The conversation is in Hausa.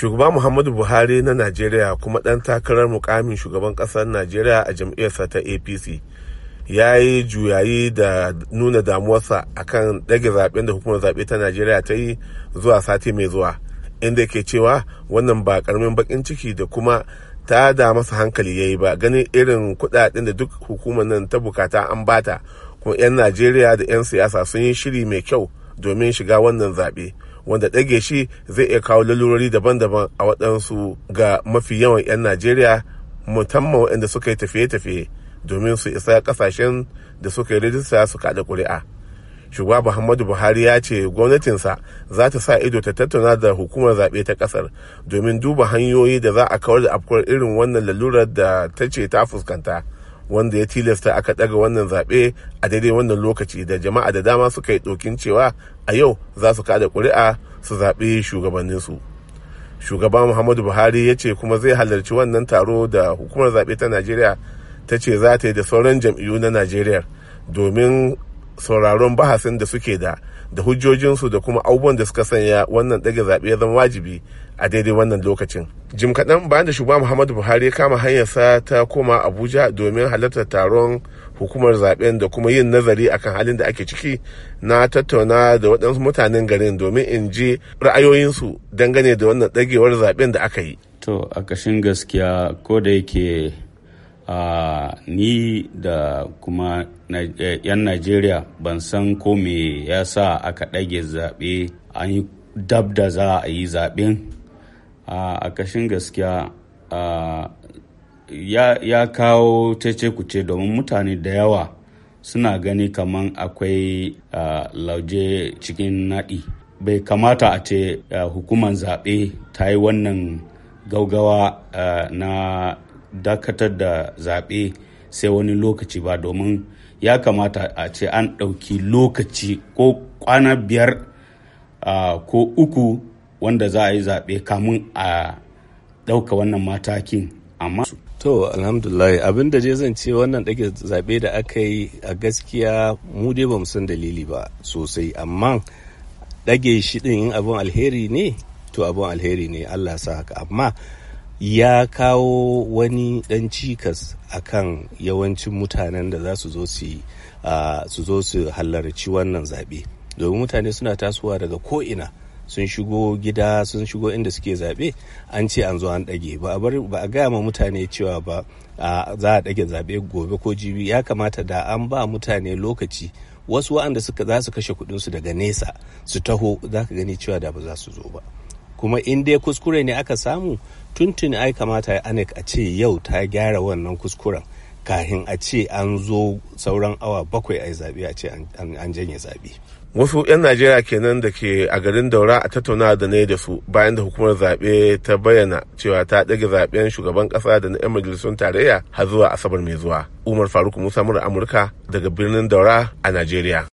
shugaba muhammadu buhari na najeriya kuma ɗan takarar mukamin shugaban ƙasar najeriya a jam'iyyarsa ta apc ya yi juyayi da nuna damuwarsa a kan dage zaɓen da hukumar zaɓe ta najeriya ta yi zuwa sati mai zuwa inda ke cewa wannan ba ƙaramin baƙin ciki da kuma ta da masa hankali ya yi ba ganin irin kuɗaɗen da duk hukumar nan ta bukata an bata kuma 'yan najeriya da 'yan siyasa sun yi shiri mai kyau domin shiga wannan zaɓe wanda ɗage shi zai iya kawo lalurori daban-daban a waɗansu ga mafi yawan 'yan najeriya musamman waɗanda suka yi tafiye-tafiye domin su isa ƙasashen da suka yi rijista su kaɗa ƙuri'a shugaba muhammadu buhari ya ce gwamnatinsa za ta sa ido ta tattauna da hukumar zaɓe ta ƙasar domin duba hanyoyi da za a kawar da afkuwar irin wannan lalurar da ta ce ta fuskanta wanda ya tilasta aka daga wannan zaɓe a daidai wannan lokaci da jama'a da dama suka yi ɗokin cewa a yau za su kada ƙuri'a su zaɓe shugabanninsu shugaba muhammadu buhari ya ce kuma zai halarci wannan taro da hukumar zaɓe ta najeriya ta ce za ta yi da sauran jam'iyyu na najeriya domin sauraron bahasin da suke da da hujjojinsu da kuma abubuwan da suka sanya wannan ɗage zaɓe ya zama wajibi a daidai wannan lokacin. Jim kaɗan bayan da shugaba Muhammadu Buhari ya kama hanyarsa ta koma Abuja domin halartar taron hukumar zaɓen da kuma yin nazari akan halin da ake ciki na tattauna da waɗansu mutanen garin domin in ji ra'ayoyinsu dangane da wannan ɗagewar zaɓen da aka yi. To a kashin gaskiya ko da yake a ni da kuma 'yan najeriya ban san ko me ya sa aka ɗage zaɓe an yi dab da za a yi zaɓen a kashin gaskiya ya kawo cece kuce domin mutane da yawa suna gani kaman akwai lauje cikin naɗi bai kamata a ce hukumar zaɓe ta yi wannan gaugawa na dakatar da zaɓe sai wani lokaci ba domin ya kamata a ce an ɗauki lokaci ko kwana biyar ko uku wanda za a yi zaɓe kamun a ɗauka wannan matakin amma to alhamdulillah abin da je zan ce wannan ɗage zaɓe da aka yi a gaskiya mu dai ba san dalili ba sosai amma ɗage shi ɗin in abin alheri ne to abin alheri ne allah sa haka amma ya kawo wani ɗan cikas a kan yawancin mutanen da za su zo su hallarci halarci wannan zaɓe domin mutane suna tasowa daga ko'ina sun shigo gida sun shigo inda suke zaɓe an ce an zo an ɗage ba a gaya ma mutane cewa ba za a ɗage zaɓe gobe ko jibi ya kamata da an ba mutane lokaci wasu waɗanda za su kashe kuɗinsu daga nesa su taho za ka gani cewa da ba za su zo ba kuma in dai kuskure ne aka samu tuntuni ai kamata anek a ce yau ta gyara wannan kuskuren kahin a ce an zo sauran awa bakwai a zaɓe a ce an janye zaɓe. wasu 'yan najeriya kenan da ke a garin daura a tattauna da ne da su bayan da hukumar zaɓe ta bayyana cewa ta ɗage zaɓen shugaban ƙasa da na 'yan majalisun tarayya har zuwa asabar mai zuwa umar faruk musa amurka daga birnin daura a najeriya